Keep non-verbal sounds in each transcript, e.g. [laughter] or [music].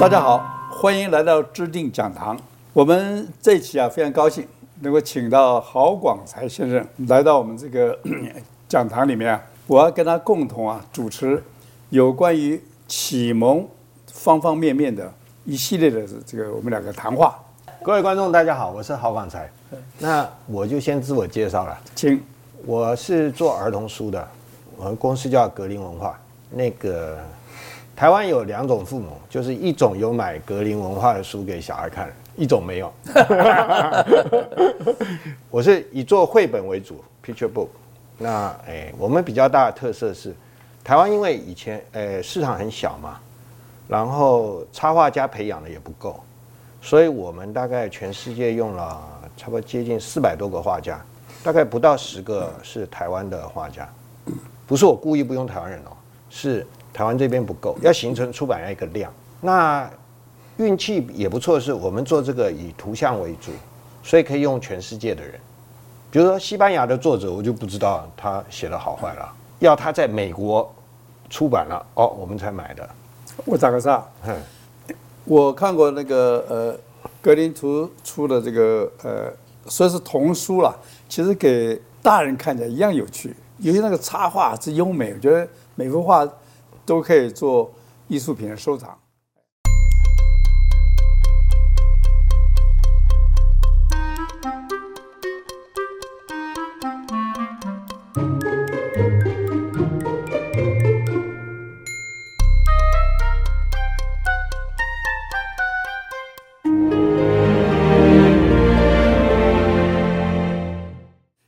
大家好，歡迎來到知定講堂。我們這一期啊，非常高興能夠請到郝廣才先生來到我們這個講堂裡面，我要跟他共同啊主持有關於啟蒙方方面面的一系列的這個我們兩個談話。各位觀眾，大家好，我是郝廣才，那我就先自我介紹了，請，我是做兒童書的，我們公司叫格林文化，那個。台灣有兩種父母，就是一種有買格林文化的書給小孩看，一種沒有。 [laughs] 我是以做繪本為主 （picture book）。那，哎、欸，我們比較大的特色是，台灣因為以前哎、欸，市場很小嘛，然後插畫家培養的也不夠，所以我們大概全世界用了差不多接近四百多個畫家，大概不到十個是台灣的畫家。不是我故意不用台灣人哦、喔，是。台灣這邊不夠，要形成出版業一個量。那運氣也不錯是，我們做這個以圖像為主，所以可以用全世界的人。比如說西班牙的作者，我就不知道他寫的好壞了。要他在美國出版了，哦，我們才買的。我咋個啥？我看過那個呃，格林圖出的這個呃，說是童書了，其實給大人看起來一樣有趣。尤其那個插畫是優美，我覺得每幅畫，都可以做藝術品的收藏。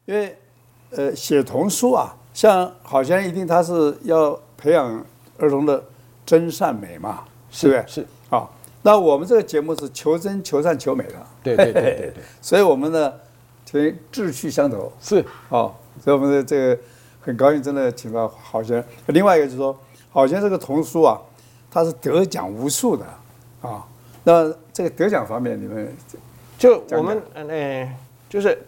因為，呃，寫童書啊，像好像一定他是要培養。兒童的真善美嘛，是對不對是？是、哦、啊。那我們這個節目是求真、求善、求美的，對對對對，對嘿嘿。所以我們呢，志趣相投。是啊、哦。所以我們的這個很高興，真的請到郝先生。另外一個就是說，郝先生這個童書啊，他是得獎無數的啊、哦。那這個得獎方面，你們講講就我們呃，就是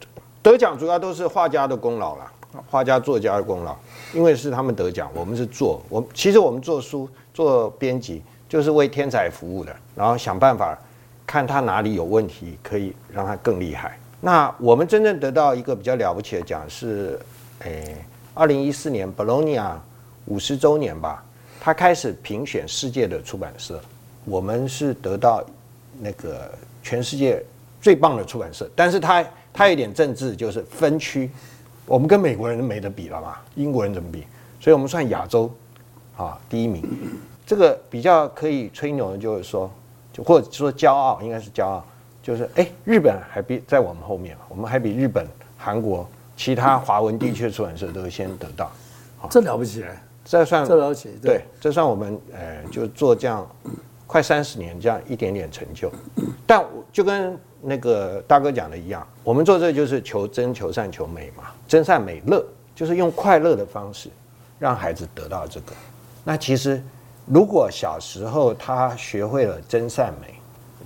得獎主要都是畫家的功勞了。畫家、作家的功勞，因為是他們得獎，我們是做。我們其實我們做書、做編輯，就是為天才服務的，然後想辦法看他哪裡有問題，可以讓他更厲害。那我們真正得到一個比較了不起的獎是，誒、欸，二零一四年 Bologna 五十周年吧，他開始評選世界的出版社，我們是得到那個全世界最棒的出版社。但是他他有點政治，就是分區。我們跟美國人沒得比了吧？英國人怎麼比？所以，我們算亞洲啊第一名。這個比較可以吹牛的就，就是說，或者說驕傲，應該是驕傲，就是哎、欸，日本還比在我們後面，我們還比日本、韓國、其他華文地區的出版社都先得到、啊。這了不起！這算這了不起？對，對這算我們誒、呃，就做這樣快三十年，這樣一點點成就。但我就跟。那個大哥講的一樣，我們做這就是求真、求善、求美嘛，真善美樂，就是用快樂的方式，讓孩子得到這個。那其實，如果小時候他學會了真善美，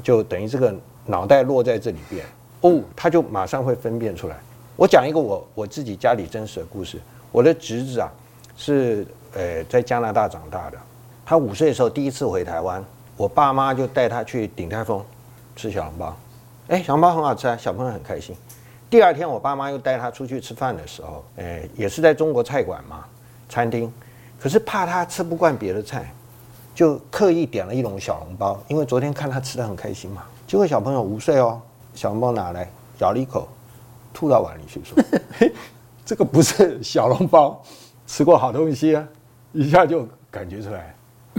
就等於這個腦袋落在這裡邊，哦，他就馬上會分辨出來我講一個我我自己家裡真實的故事，我的侄子啊，是呃在加拿大長大的，他五歲的時候第一次回台灣，我爸媽就帶他去鼎泰豐吃小籠包。哎，小籠包很好吃啊，小朋友很開心。第二天，我爸媽又帶他出去吃飯的時候，哎，也是在中國菜館嘛，餐廳。可是怕他吃不慣別的菜，就刻意點了一籠小籠包，因為昨天看他吃的很開心嘛。結果小朋友五歲哦，小籠包拿來咬了一口，吐到碗裡去說：“ [laughs] 嘿，這個不是小籠包，吃過好東西啊，一下就感覺出來。”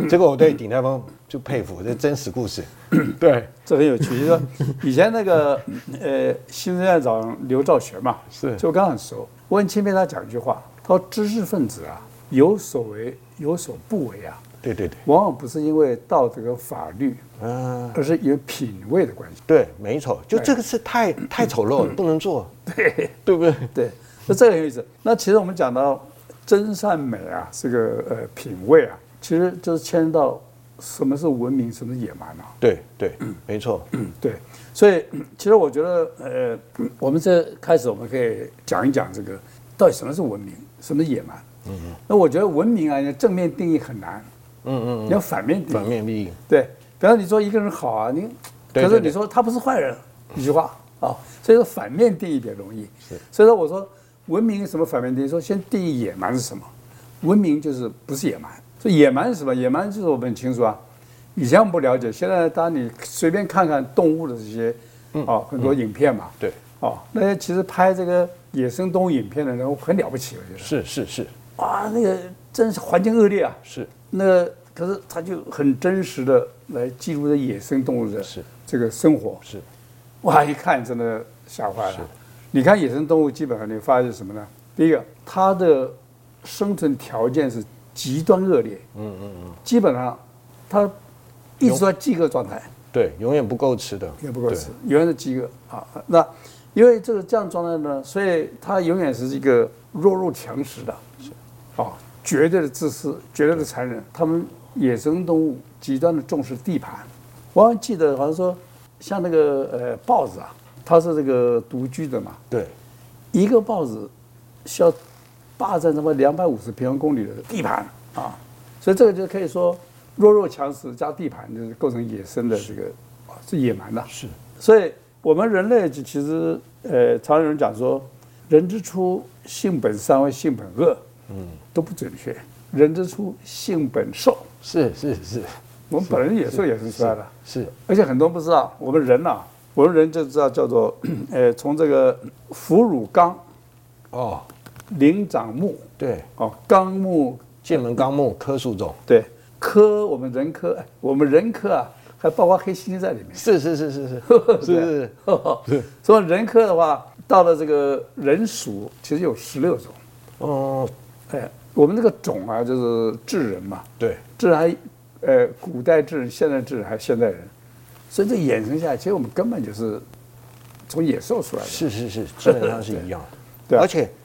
這個我對鼎泰豐就佩服，這真實故事。對，這很有趣。就是說以前那個呃，行政院長劉兆玄嘛，是，就我剛剛說，我很欽佩他講一句話，他說：“知識分子啊，有所為，有所不為啊。”對對對，往往不是因為道德和法律啊，而是有品味的關係。對，美醜，就這個是太、嗯、太醜陋，嗯、不能做。對，對不對？對，是這個有意思。那其實我們講到真善美啊，這個呃，品味啊。其實就是牽涉到什麼是文明，什麼是野蠻、啊、對對，沒錯。嗯、對，所以、嗯、其實我覺得，呃，我們這開始我們可以講一講這個到底什麼是文明，什麼是野蠻。嗯嗯。那我覺得文明啊，正面定義很難。嗯嗯，嗯。要反面定義。反面定義。對，比方說你說一個人好啊，你對可是你說他不是壞人，對對對一句話啊、哦，所以說反面定義比較容易。是。所以說我說文明什麼反面定義？說先定義野蠻是什麼？文明就是不是野蠻。這野蠻是什麼？野蠻就是我們很清楚啊，以前我們不了解，現在當然你隨便看看動物的這些，嗯、哦，很多影片嘛，嗯、對，哦，那些其實拍這個野生動物影片的人很了不起，我覺得是是是，哇，那個真是環境惡劣啊，是，那個可是他就很真實的來記錄這野生動物的這個生活，是，哇，一看真的嚇壞了是，你看野生動物基本上你發現什麼呢？第一個，它的生存條件是。極端惡劣，嗯嗯嗯，基本上，它一直在飢餓狀態，對，永遠不夠吃的夠，永遠不夠吃，永遠是飢餓啊。那因為這個這樣的狀態呢，所以它永遠是一個弱肉強食的，啊、嗯，絕對的自私，絕對的殘忍。他們野生動物極端的重視地盤，我還記得好像說，像那個呃豹子啊，它是這個獨居的嘛，對，一個豹子需要。霸佔這麼兩百五十平方公里的地盤啊，所以這個就可以說弱肉強食加地盤就是構成野生的這個啊是野蠻的。是，所以我們人類就其實呃，常有人講說人之初性本善，或性本惡，嗯，都不準確人、嗯嗯。人之初性本獸。是是是，是，是，是，是，我們本人野獸也是很衰的。是，而且很多人不知道，我們人吶、啊，我們人就知道叫做呃，從這個哺乳綱，哦。靈長目對，哦，綱目，界門綱目科屬種對科，我們人科，我們人科啊，還包括黑猩猩在裡面。是是是是是、 [laughs] 啊、是是是，所、哦、以人科的話，到了這個人屬，其實有十六種。哦，哎，我們這個種啊，就是智人嘛。對，智人還，哎、呃，古代智人，現代智人，還是現代人，所以這衍生下來，其實我們根本就是從野獸出來的。是是是，基本上是一樣的。對，而且、啊。Okay.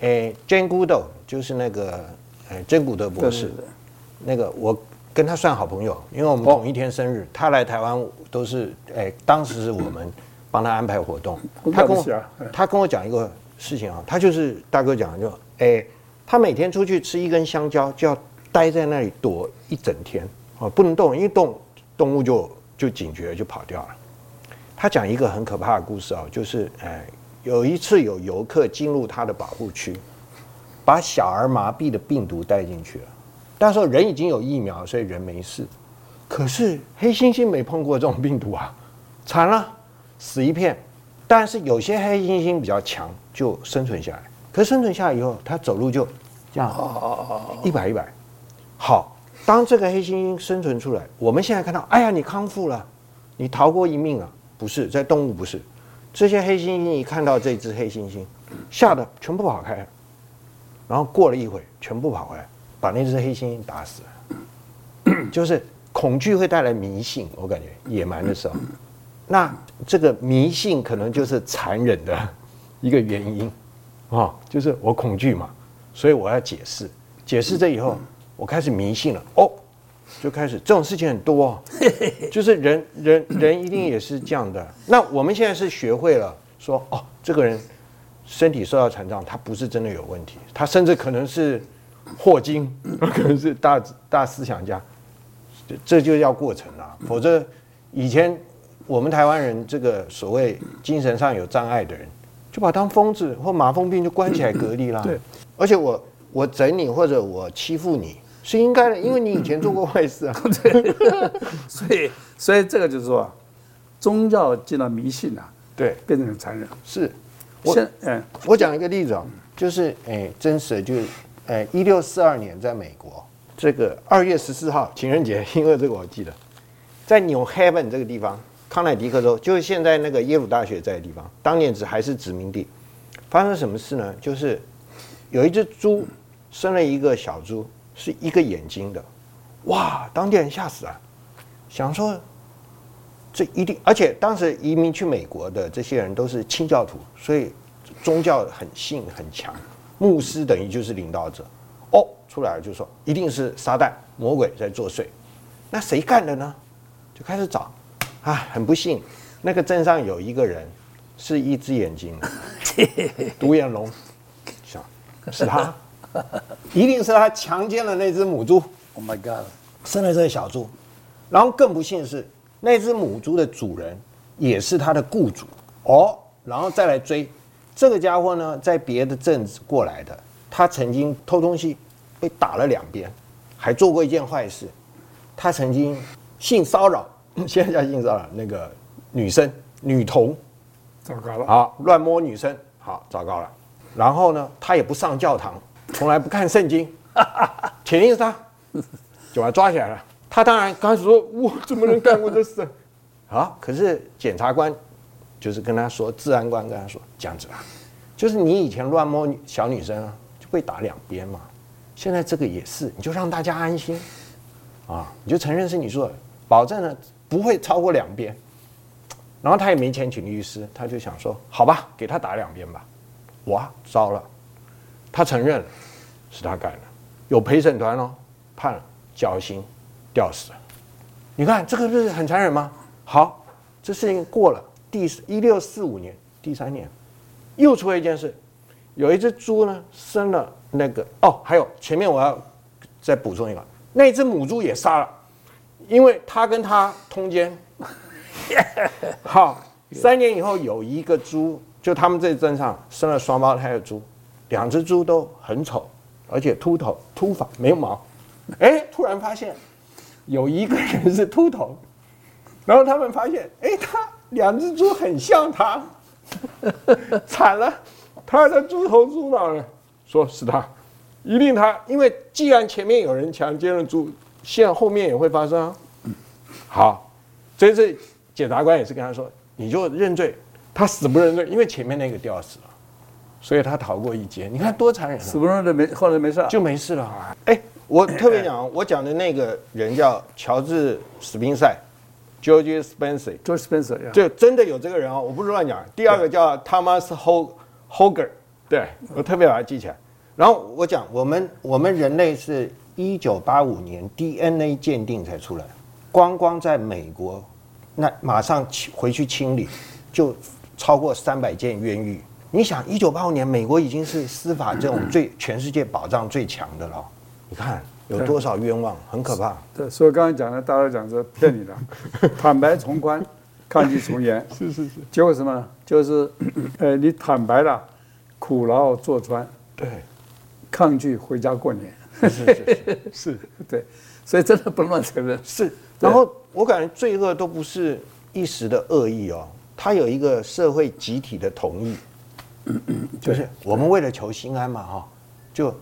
哎，珍古德就是那個哎，珍古德博士對對對，那個我跟他算好朋友，因為我們同一天生日。他來台灣都是哎，當時是我們幫他安排活動。嗯、他跟我、嗯、他跟我講一個事情啊，他就是大哥講的、就是，就哎，他每天出去吃一根香蕉，就要待在那裡躲一整天哦，不能動，一動動物就就警覺就跑掉了。他講一個很可怕的故事哦，就是哎。誒有一次有遊客進入他的保護區，把小兒麻痹的病毒帶進去了。那時候人已經有疫苗，所以人沒事。可是黑猩猩沒碰過這種病毒啊，慘了，死一片。但是有些黑猩猩比較強，就生存下來。可是生存下來以後，它走路就這樣，一擺一擺。好，當這個黑猩猩生存出來，我們現在看到，哎呀，你康復了，你逃過一命啊？不是，在動物不是。這些黑猩猩一看到這隻黑猩猩，嚇得全部跑開，然後過了一會，全部跑回來，把那隻黑猩猩打死了。就是恐懼會帶來迷信，我感覺野蠻的時候，那這個迷信可能就是殘忍的一個原因，啊，就是我恐懼嘛，所以我要解釋，解釋這以後，我開始迷信了哦、oh。就開始這種事情很多，就是人人人一定也是這樣的。那我們現在是學會了說哦，這個人身體受到殘障，他不是真的有問題，他甚至可能是霍金，可能是大大思想家。這就要過程了。否則以前我們台灣人這個所謂精神上有障礙的人，就把他當瘋子或麻風病就關起來隔離啦。對，而且我我整你或者我欺負你。是應該的，因為你以前做過壞事啊、嗯，嗯嗯、 [laughs] 對，所以所以這個就是說，宗教進了迷信啊，對，變成很殘忍。是，我現嗯，我講一個例子啊，就是哎、欸，真實的就哎、是，一六四二年在美國這個二月十四號情人節，因為這個我記得，在紐黑文這個地方，康乃狄克州，就是現在那個耶魯大學在的地方，當年只還是殖民地，發生什麼事呢？就是有一隻豬生了一個小豬。嗯是一個眼睛的，哇！當地人嚇死啊，想說，這一定。而且當時移民去美國的這些人都是清教徒，所以宗教很信很強，牧師等於就是領導者。哦，出來就說一定是撒旦魔鬼在作祟。那誰幹的呢？就開始找啊。很不幸，那個鎮上有一個人是一只眼睛的，獨眼龍，想是他。 [laughs] 一定是他強姦了那隻母豬，Oh my god！生了這個小豬，然後更不幸的是，那隻母豬的主人也是他的雇主哦，然後再來追這個家伙呢，在別的鎮子過來的，他曾經偷東西，被打了兩鞭，還做過一件壞事，他曾經性騷擾，現在叫性騷擾那個女生女童，糟糕了，好亂摸女生，好糟糕了，然後呢，他也不上教堂。從來不看聖經，肯定是他，就把他抓起來了。他當然剛開始說：“我怎麼能幹過這事啊？”好，可是檢察官就是跟他說，治安官跟他說這樣子吧，就是你以前亂摸小女生啊，就會打兩邊嘛，現在這個也是，你就讓大家安心啊，你就承認是你做的，保證呢不會超過兩邊。然後他也沒錢請律師，他就想說：“好吧，給他打兩邊吧。”哇，我糟了。他承認了，是他幹的，有陪審團哦，判了，絞刑，吊死了。你看這個不是很殘忍嗎？好，這事情過了第，第一六四五年第三年，又出了一件事，有一隻豬呢生了那個哦，還有前面我要再補充一個，那隻母豬也殺了，因為它跟他通姦。 [laughs] 好，三年以後有一個豬，就他們這鎮上生了雙胞胎的豬。兩隻豬都很醜，而且禿頭、禿髮、沒有毛。哎，突然發現有一個人是禿頭，然後他們發現，哎，他兩隻豬很像他。慘了，他的豬頭豬腦呢？說是他，一定他，因為既然前面有人強姦了豬，現在後面也會發生啊。好，所以，這次檢察官也是跟他說，你就認罪。他死不認罪，因為前面那個吊死了。所以他逃過一劫，你看多殘忍！死不認的沒，後來沒事、啊，就沒事了啊。哎、欸，我特別講，我講的那個人叫喬治·史賓塞 （George Spencer），George Spencer，對 Spencer、yeah，真的有這個人啊，我不是亂講。第二個叫 Thomas Hogger，對，對我特別把它記起來。然後我講，我們我們人類是一九八五年 DNA 鑑定才出來，光光在美國，那馬上回去清理，就超過三百件冤獄。你想，一九八五年，美國已經是司法這種最全世界保障最強的了。你看有多少冤枉，很可怕對對。對，所以剛才講的，大家講說騙你的， [laughs] 坦白從寬，抗拒從嚴。是 [laughs] 是是。結果、就是、什麼？就是，呃，你坦白了，苦勞坐穿。對。抗拒回家過年。是 [laughs] 是是。是,是,是對，所以真的不能亂承認。是。然後我感覺罪惡都不是一時的惡意哦，它有一個社會集體的同意。就是我們為了求心安嘛，哈，就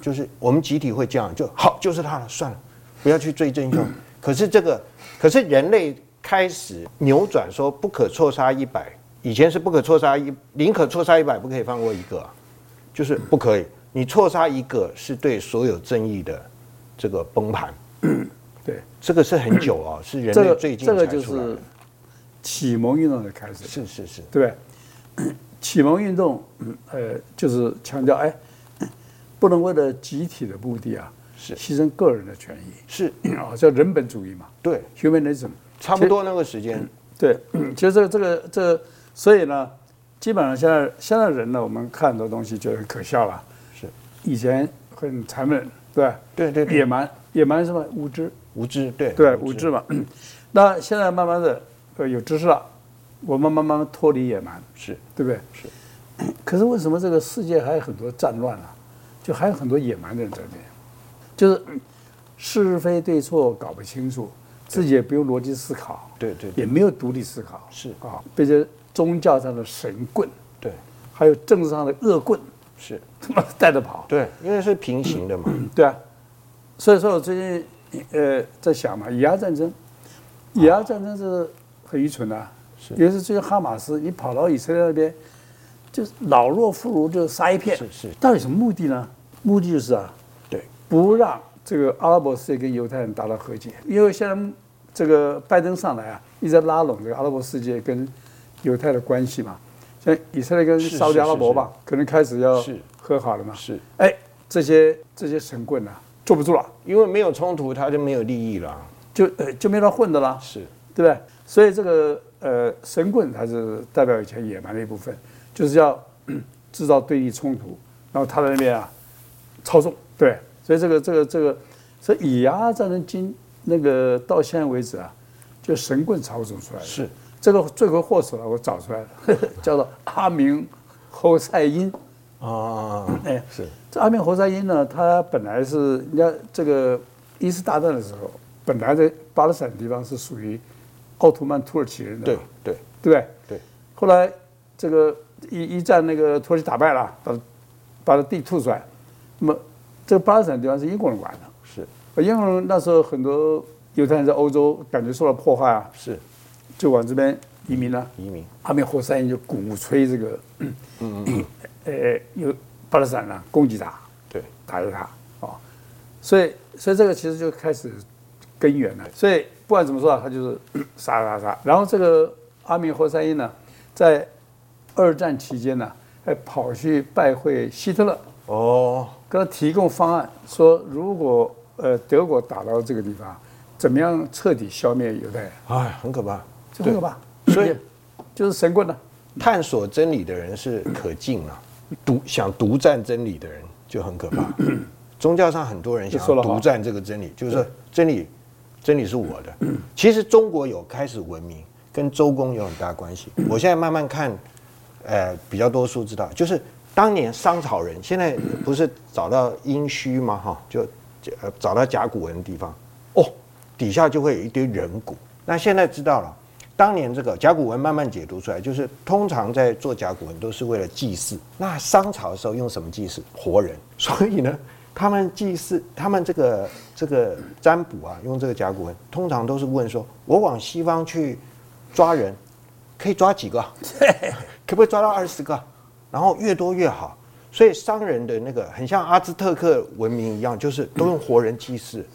就是我們集體會這樣就好，就是他了，算了，不要去追真兇。可是這個，可是人類開始扭轉，說不可錯殺一百，以前是不可錯殺一，寧可錯殺一百，不可以放過一個，就是不可以，你錯殺一個是對所有正義的這個崩盤。對，這個是很久啊，是人類最近才出來的。這個，這個就是啟蒙運動的開始，是是是，對。啟蒙運動，呃，就是強調哎，不能為了集體的目的啊，是犧牲個人的權益，是啊、哦，叫人本主義嘛，對，Humanism，差不多那個時間，對、嗯，其實這個這個這個，所以呢，基本上現在現在人呢，我們看到東西就很可笑了，是，以前很殘忍，對，對，對對，野蠻，野蠻是吧無知，無知，對，對，無知，無知嘛，那現在慢慢的有知識了。我慢慢慢脫離野蠻，是對不對？是。可是為什麼這個世界還有很多戰亂啊？就還有很多野蠻的人在那，就是是非對錯搞不清楚，自己也不用邏輯思考，對對，對，也沒有獨立思考，是啊。並、哦、且宗教上的神棍，對，還有政治上的惡棍，是他媽帶着跑，對，因為是平行的嘛，對啊。所以說，我最近呃在想嘛，以阿戰爭，以阿戰爭是很愚蠢的、啊。尤其是最近哈馬斯，你跑到以色列那邊，就是老弱婦孺就殺一片。是是。到底什麼目的呢？目的就是啊，對，不讓這個阿拉伯世界跟猶太人達到和解。因為現在這個拜登上來啊，一直拉攏這個阿拉伯世界跟猶太的關係嘛。像以色列跟沙烏地阿拉伯吧，可能開始要和好了嘛。是。哎，這些這些神棍啊，坐不住了，因為沒有衝突，他就沒有利益了，就呃就沒地混的了，是，對不對？所以這個。呃，神棍才是代表以前野蠻的一部分，就是要、嗯、製造對立衝突，然後他在那邊啊操縱，對，所以這個這個這個，所以以阿、啊、戰爭今那個到現在為止啊，就神棍操縱出來了。是這個罪魁禍首我找出來了，叫做阿明侯賽因啊，哎，是這阿明侯賽因呢，他本來是人家這個一次大戰的時候，本來在巴勒斯坦地方是屬於。奧土曼土耳其人的對對對不對？對，後來這個一一戰那個土耳其打敗了，把把地吐出來，那麼這個巴勒斯坦地方是英國人管的。是，英國人那時候很多猶太人在歐洲感覺受到破壞啊，是，就往這邊移民了。移，移民，阿明侯賽因人就鼓吹這個，哎嗯嗯嗯，有、呃、巴勒斯坦啊，攻擊他，對，打掉他啊、哦，所以，所以這個其實就開始，根源了，所以不管怎麼說啊，他就是殺殺殺。然後這個阿明侯賽因呢，在二戰期間呢，還跑去拜會希特勒，哦，給他提供方案，說如果呃德國打到這個地方，怎麼樣徹底消滅猶太人？哎，很可怕，很可怕。所以 [coughs] 就是神棍呢。探索真理的人是可敬啊、嗯，獨想獨占真理的人就很可怕、嗯。宗教上很多人想獨占這個真理，就是說真理。真理是我的。其實中國有開始文明，跟周公有很大關係。我現在慢慢看，呃，比較多書知道，就是當年商朝人，現在不是找到殷墟嗎？哈，就呃找到甲骨文的地方，哦，底下就會有一堆人骨。那現在知道了，當年這個甲骨文慢慢解讀出來，就是通常在做甲骨文都是為了祭祀。那商朝的時候用什麼祭祀？活人。所以呢，他們祭祀，他們這個這個占卜啊，用這個甲骨文，通常都是問說：我往西方去抓人，可以抓幾個啊？對。可不可以抓到二十個啊？然後越多越好。所以商人的那個很像阿茲特克文明一樣，就是都用活人祭祀。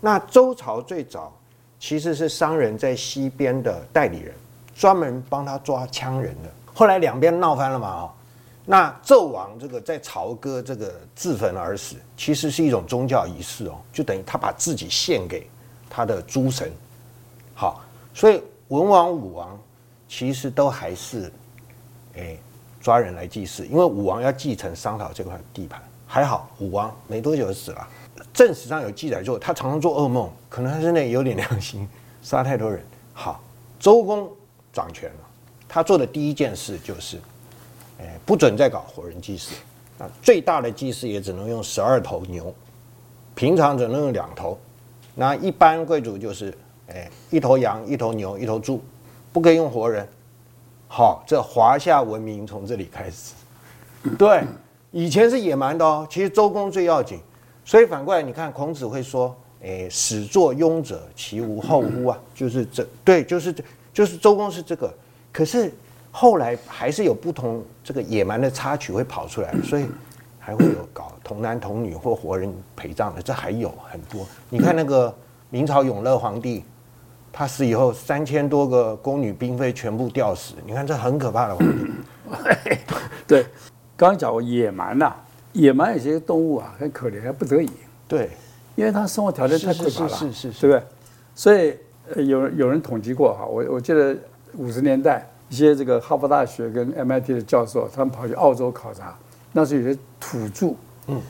那周朝最早其實是商人在西邊的代理人，專門幫他抓羌人的。後來兩邊鬧翻了嘛，那紂王這個在朝歌這個自焚而死，其實是一種宗教儀式哦、喔，就等於他把自己獻給他的諸神。好，所以文王、武王其實都還是誒、欸、抓人來祭祀，因為武王要繼承商朝這塊地盤。還好，武王沒多久死了，正史上有記載，說他常常做噩夢，可能他真的有點良心，殺太多人。好，周公掌權了，他做的第一件事就是。哎，不准再搞活人祭祀，啊，那最大的祭祀也只能用十二頭牛，平常只能用兩頭，那一般貴族就是，哎，一頭羊，一頭牛，一頭豬，不可以用活人。好，這華夏文明從這裡開始。對，以前是野蠻的哦，其實周公最要緊，所以反過來你看，孔子會說，哎，始作俑者，其無後乎啊，就是這，對，就是就是周公是這個，可是。後來還是有不同這個野蠻的插曲會跑出來，所以還會有搞童男童女或活人陪葬的，這還有很多。你看那個明朝永樂皇帝，他死以後三千多個宮女嬪妃全部吊死，你看這很可怕的皇帝，嗯嗯嗯。對，剛剛講過野蠻吶、啊，野蠻有些動物啊很可憐，還不得已。對，因為他生活條件太匱乏了，是是是是，是，對不對？所以呃，有人有人統計過哈，我我記得五十年代。一些這個哈佛大學跟 MIT 的教授，他們跑去澳洲考察，那是有些土著。嗯，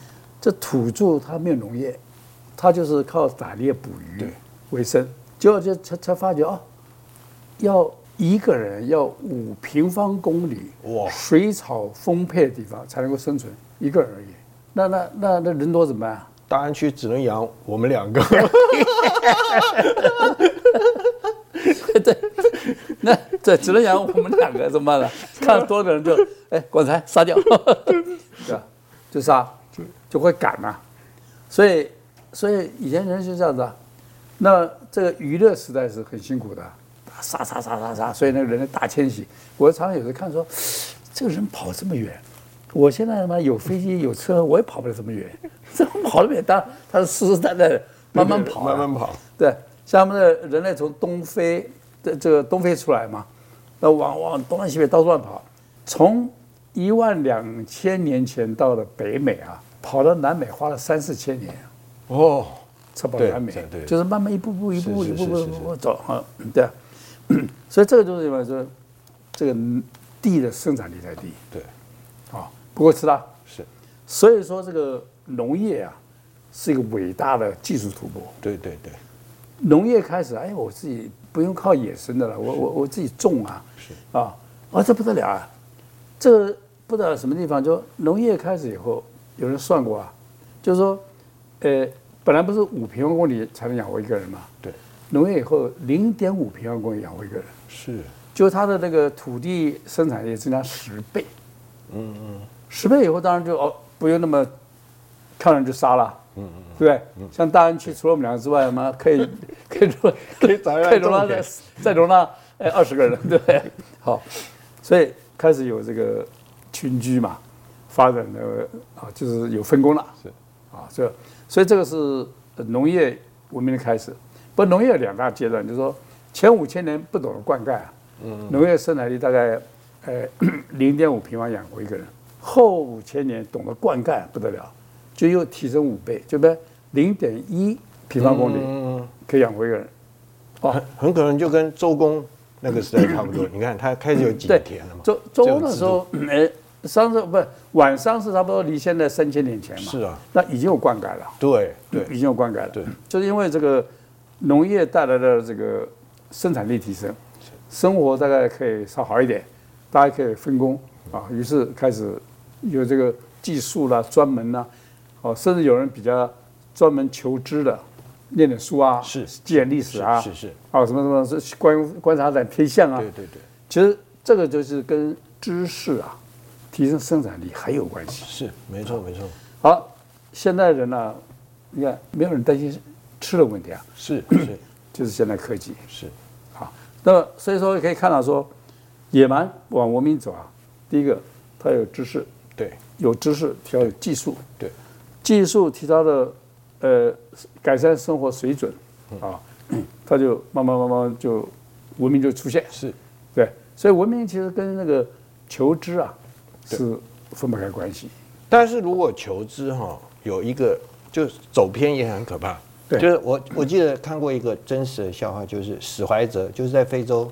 這土著他沒有農業，他就是靠打獵捕魚為生，結、嗯、果就才才發覺哦，要一個人要五平方公里哇水草豐沛的地方才能夠生存一個人而已，那那那那人多怎麼辦、啊？大安區只能養我們兩個 [laughs] [laughs] [laughs] 對。那這只能講我們兩個怎麼辦呢？看了多了的人就，哎，廣才殺掉呵呵，對吧？就殺，就就會趕嘛、啊。所以，所以以前人是這樣子啊。那這個漁獵時代是很辛苦的，殺殺殺殺殺，殺。所以那個人類大遷徙，我常常有時候看說，這個人跑這麼遠，我現在他媽有飛機有車，我也跑不了這麼遠。這跑得遠，但他是實實在在的，對對慢慢跑、啊，慢慢跑。對，像我們的人類從東非。這這個東非出來嘛，那往往東南西北到處亂跑，從一萬兩千年前到了北美啊，跑到南美花了三四千年，哦，才跑到南美對對，對，就是慢慢一步步，一步，一步步、一步步、一步步走，嗯、對啊，所以這個就是什麼說，這個地的生產力太低，對，啊、哦，不夠吃啦，是，所以說這個農業啊，是一個偉大的技術突破，對對對。對農業開始，哎，我自己不用靠野生的了，我我我自己種啊，啊啊，這不得了啊！這不得了。什麼地方，就農業開始以後，有人算過啊，就是說，呃，本來不是五平方公里才能養活一個人嘛，對，農業以後零點五平方公里養活一個人，是，就它的那個土地生產力增加十倍，嗯嗯，十倍以後當然就哦，不用那麼，看人就殺了。嗯嗯，對、嗯，像大安區除了我們兩個之外嘛，可以，可以可以再容納再容納哎二十個人， [laughs] 對，好，所以開始有這個群居嘛，發展的啊，就是有分工了，是，啊，這所以這個是農業文明的開始。不，農業有兩大階段，就是說前五千年不懂得灌溉、啊嗯，嗯，農業生產力大概哎零點五平方養活一個人，後五千年懂得灌溉不得了。就又提升五倍，就變零點一平方公里可以養活一個人，哦、嗯，很可能就跟周公那個時代差不多。你看，他開始有井田了嘛？周周公的時候，哎，商、欸、周不？晚商是差不多離現在三千年前嘛？是啊，那已經有灌溉了。對對、嗯，已經有灌溉了。對，就是因為這個農業帶來的這個生產力提升，生活大概可以稍好一點，大家可以分工啊，於是開始有這個技術啦、啊，專門啦、啊。哦、甚至有人比較專門求知的，念點書啊，是記點歷史啊，是是，是啊，什麼什麼觀觀察點天象啊，對對對，其實這個就是跟知識啊，提升生產力還有關係，是沒錯沒錯。好，現代人呢、啊，你看沒有人擔心吃的問題啊，是是， [coughs] 就是現代科技是好，那麼所以說可以看到說，野蠻往文明走啊，第一個他有知識，對，有知識，要有技術，對。對技術提高了，呃，改善生活水準，啊、嗯，他就慢慢慢慢就文明就出現。是，對，所以文明其實跟那個求知啊是分不開關係。但是如果求知哈有一個，就走偏也很可怕。對，就是我我記得看過一個真實的笑話，就是史懷哲，就是在非洲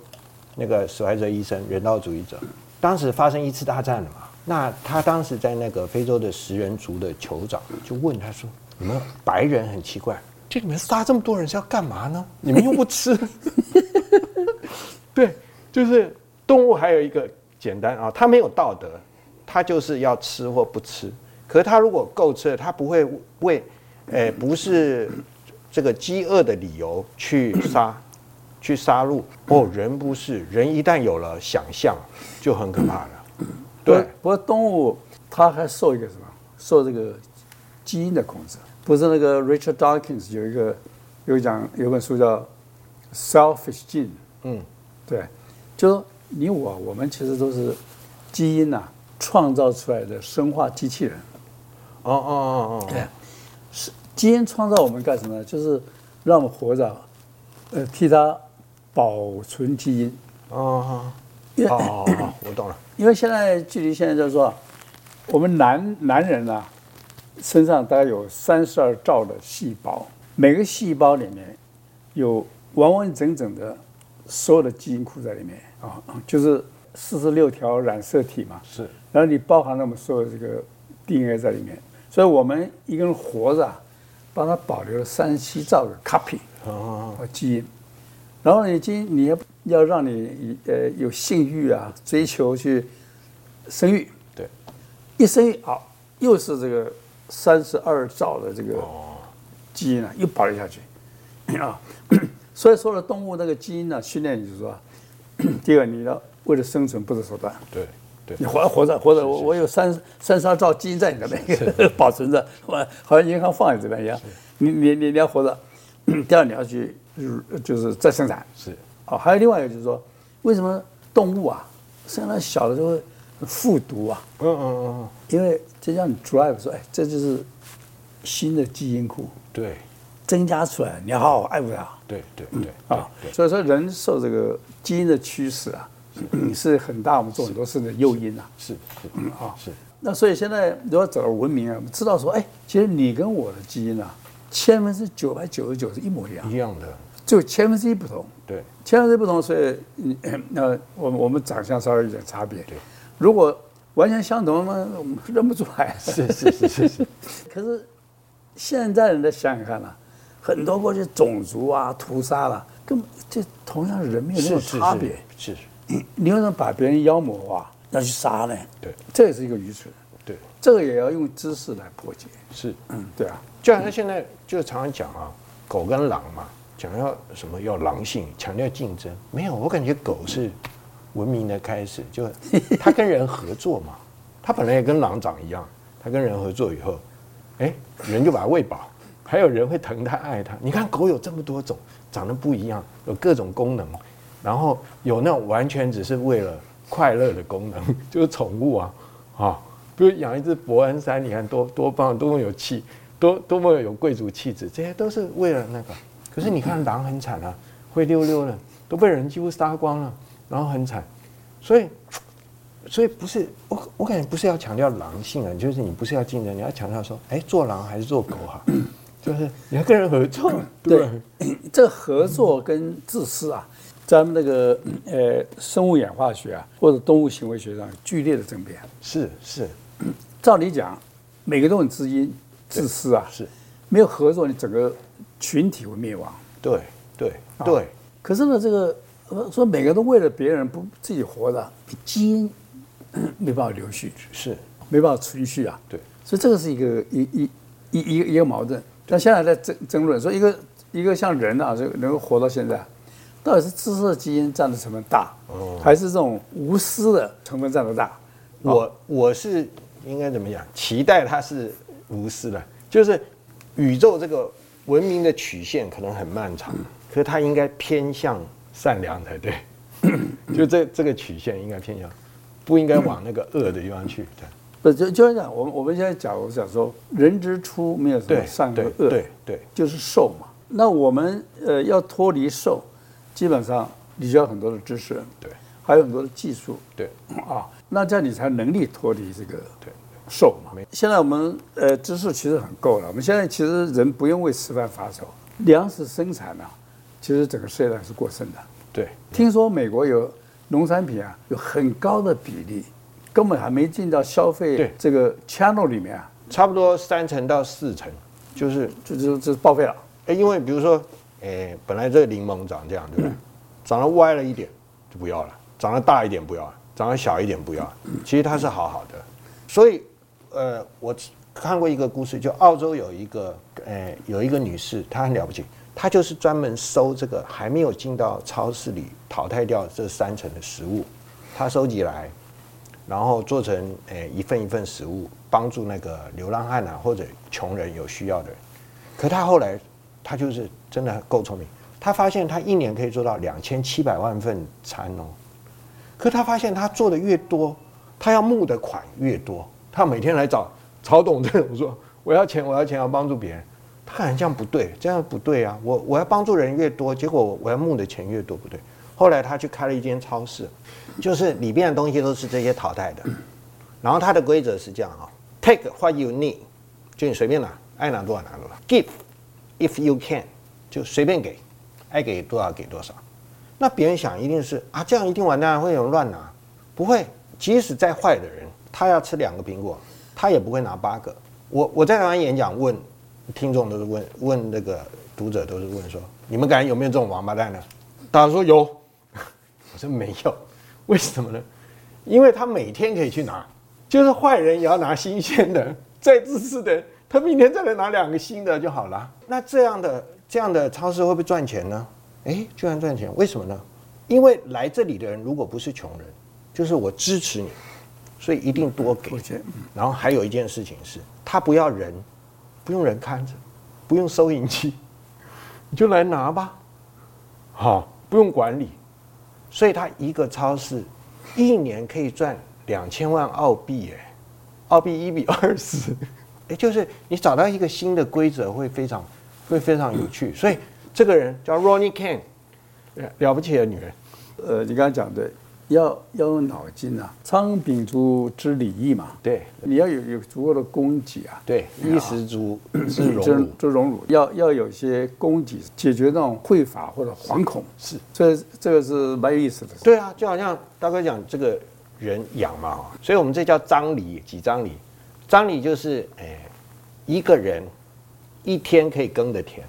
那個史懷哲醫生，人道主義者，當時發生一次大戰了嘛。那他當時在那個非洲的食人族的酋長就問他說：“你們白人很奇怪，這裡面殺這麼多人是要幹嘛呢？你們又不吃。 [laughs] ”對，就是動物還有一個簡單啊、哦，它沒有道德，它就是要吃或不吃。可是它如果夠吃了，它不會為誒、呃、不是這個饑餓的理由去殺 [laughs] 去殺戮。哦，人不是，人一旦有了想象，就很可怕了。對，不過動物它還受一個什麼？受這個基因的控制。不是那個 Richard Dawkins 有一個有講有一本書叫《Selfish Gene》。嗯，對，就你我我們其實都是基因吶、啊、創造出來的生化機器人。哦哦哦哦。對、嗯，是、嗯嗯嗯、基因創造我們幹什麼呢？就是讓我們活着，呃，替它保存基因。啊、嗯，好好好，嗯嗯嗯嗯嗯、 [laughs] 我懂了。因為現在，距離現在就是說，我們男男人呢、啊，身上大概有三十二兆的細胞，每個細胞裡面，有完完整整的所有的基因庫在裡面啊，就是四十六條染色體嘛，是，然後你包含了我們所有這個 DNA 在裡面，所以我們一個人活着、啊，把它保留了三十七兆的 copy 啊基因、哦，然後你基你也。要讓你呃有性慾啊，追求去生育，對，一生育啊、哦，又是這個三十二兆的這個基因啊，哦、又保留下去、嗯、啊。所以說了動物那個基因呢、啊，訓練就是說，第二你要為了生存不擇手段，對，對你活要活着活着，我有三三十二兆基因在你那邊、個，保存着，我好像銀行放在這邊一樣。你你你要活着，第二你要去就是再生產是。哦，還有另外一個就是說，為什麼動物啊，生了小的時候會護犢啊？嗯嗯嗯，嗯，嗯。因為就像你 drive 說，哎、欸，這就是新的基因庫。對。增加出來，你要好好愛護它。對對對。啊、嗯哦，所以說人受這個基因的驅使啊，是、嗯、是很大，我們做很多事的誘因啊，是是啊、嗯嗯哦。那所以現在如果走到文明啊，我們知道說，哎、欸，其實你跟我的基因啊，千分之九百九十九是一模一樣。一樣的。就千分之一不同。對。天生就不同，所以嗯，那我我們長相稍微有點差別。對，如果完全相同，我們認不出來。是是是是是。可是現在人再想想看呢、啊，很多過去種族啊、屠殺了，根本這同樣人命，沒有差別。是是。你為什麼把別人妖魔化，要去殺呢？對。這也是一個愚蠢。對。這個也要用知識來破解。是。嗯，對啊。就好像現在就常常講啊，狗跟狼嘛。講要什麼要狼性，強調競爭，沒有，我感覺狗是文明的開始，就它跟人合作嘛，它本來也跟狼長一樣，它跟人合作以後，哎、欸，人就把它餵飽，還有人會疼它愛它。你看狗有這麼多種，長得不一樣，有各種功能，然後有那種完全只是為了快樂的功能，就是寵物啊，啊、哦，比如養一隻伯恩山，你看多多棒，多麼有氣，多多麼有貴族氣質，這些都是為了那個。可是你看狼很慘啊，灰溜溜的，都被人幾乎殺光了，然後很慘，所以，所以不是我我感覺不是要強調狼性啊，就是你不是要競爭，你要強調說，哎、欸，做狼還是做狗哈、啊，就是你要跟人合作。對，對，這個、合作跟自私啊，咱們那個呃生物演化學啊或者動物行為學上劇烈的爭辯。是是，照理講，每個都很自私、啊，自私啊，是，沒有合作，你整個。群體會滅亡，對對對、啊。可是呢，這個說每個都為了別人不自己活着，基因沒辦法留續，是沒辦法存續啊。對，所以這個是一個一一一一個一個矛盾。但現在在爭爭論說，一個一個像人啊，這能夠活到現在，到底是自私的基因占的成分大、哦，還是這種無私的成分占的大？啊、我我是應該怎麼講？期待它是無私的，就是宇宙這個。文明的曲線可能很漫長，可是它應該偏向善良才對。就這這個曲線應該偏向，不應該往那個惡的地方去。對，不就就是講，我們我們現在講，我講說人之初沒有什麼善和惡，對對、對、對，就是獸嘛。那我們呃要脫離獸，基本上你需要很多的知識，對，還有很多的技術，對啊。那這樣你才能力脫離這個。對瘦嘛？現在我們呃，知識其實很夠了。我們現在其實人不用為吃飯發愁。糧食生產呢、啊，其實整個世界上是過剩的。對，聽說美國有農產品啊，有很高的比例，根本還沒進到消費這個 channel 裡面啊，差不多三成到四成，就是、嗯、就就，就報廢了。誒，因為比如說，誒、呃，本來這個檸檬長這樣，對不對、嗯？長得歪了一點就不要了，長得大一點不要了，長得小一點不要了、嗯，其實它是好好的，所以。呃，我看過一個故事，就澳洲有一個，呃、欸，有一個女士，她很了不起，她就是專門收這個還沒有進到超市裡淘汰掉這三層的食物，她收集來，然後做成，呃、欸，一份一份食物，幫助那個流浪漢啊或者窮人有需要的人。可她後來，她就是真的夠聰明，她發現她一年可以做到兩千七百萬份餐哦、喔。可她發現她做的越多，她要募的款越多。他每天來找曹董子，我說我要錢，我要錢，要幫助別人。他好像這樣不對，這樣不對啊！我我要幫助人越多，結果我要募的錢越多，不對。後來他去開了一間超市，就是裡面的東西都是這些淘汰的。 [coughs] 然後他的規則是這樣啊、哦、：take what you need，就你隨便拿，愛拿多少拿多少；give if you can，就隨便給，愛給多少給多少。那別人想一定是啊，這樣一定完蛋，會有人亂拿。不會，即使再壞的人。他要吃兩個蘋果，他也不會拿八個。我我在台灣演講問，問聽眾都是問問那個讀者都是問說，你們感覺有沒有這種王八蛋呢？大家說有，我說沒有，為什麼呢？因為他每天可以去拿，就是壞人也要拿新鮮的，再自私的，他明天再來拿兩個新的就好了。那這樣的這樣的超市會不會賺錢呢？哎，居然賺錢，為什麼呢？因為來這裡的人如果不是窮人，就是我支持你。所以一定多給，然後還有一件事情是，他不要人，不用人看着，不用收銀機，你就來拿吧，好，不用管理。所以他一個超市一年可以賺兩千萬澳幣，哎，澳幣一比二十，哎，就是你找到一個新的規則會非常會非常有趣。所以這個人叫 Ronnie Kahn，了不起的女人，呃，你剛剛講的。要要用腦筋啊，倉廩足知禮義嘛。對，你要有有足夠的供給啊。對，衣食、啊、足知榮辱，知榮辱要要有些供給，解決那種匱乏或者惶恐。是，這這個是蠻有意思的。對啊，就好像大哥講，這個人養嘛，所以我們這叫張犁，幾張犁。張犁就是哎，一個人一天可以耕的田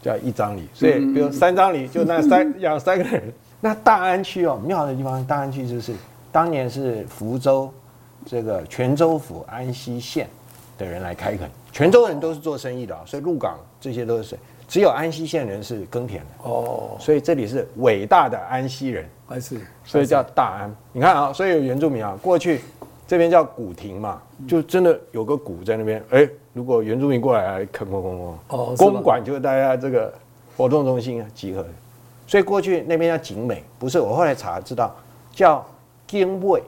叫一張犁。所以、嗯、比如三張犁，就那三 [laughs] 養三個人。那大安區哦，廟的地方，大安區就是當年是福州這個泉州府安溪縣的人來開墾，泉州人都是做生意的啊，喔，所以鹿港這些都是誰？只有安溪縣人是耕田的哦，所以這裡是偉大的安溪人，是，所以叫大安。你看啊，喔，所以有原住民啊，喔，過去這邊叫古亭嘛，就真的有個鼓在那邊，哎，如果原住民過來來，坑坑坑公館就是大家這個活動中心啊，集合。所以過去那邊叫景美，不是我後來查知道，叫景尾，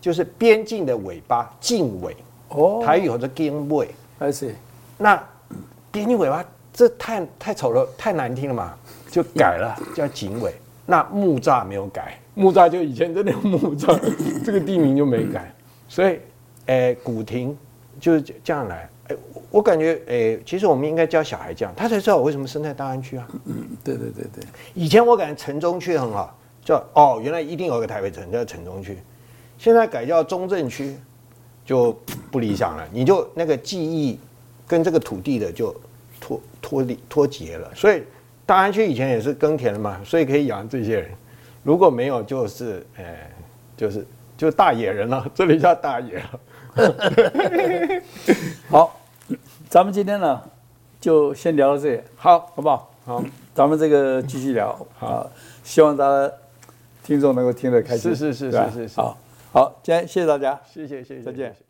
就是邊境的尾巴，景尾。哦、oh，台語叫做景尾，那邊境尾巴這太太醜了，太難聽了嘛，就改了，叫景尾。 [laughs] 那木柵沒有改，木柵就以前真的有木柵， [laughs] 這個地名就沒改。所以，欸、古亭就是這樣來。欸我感覺，誒、欸，其實我們應該教小孩這樣，他才知道我為什麼生在大安區啊。嗯，對對對對。以前我感覺城中區很好，叫哦，原來一定有一個台北城叫城中區，現在改叫中正區，就不理想了。你就那個記憶跟這個土地的就脫脫離脫節了。所以大安區以前也是耕田的嘛，所以可以養這些人。如果沒有、就是欸，就是誒，就是就大野人了，這裡叫大野了。 [laughs] 好。咱們今天呢，就先聊到這裡，好，好不好？好，咱們這個繼續聊，好，啊，希望大家聽眾能夠聽得開心。是是是是是，是，是，是，好，好，今天謝謝大家，謝謝謝謝，再見。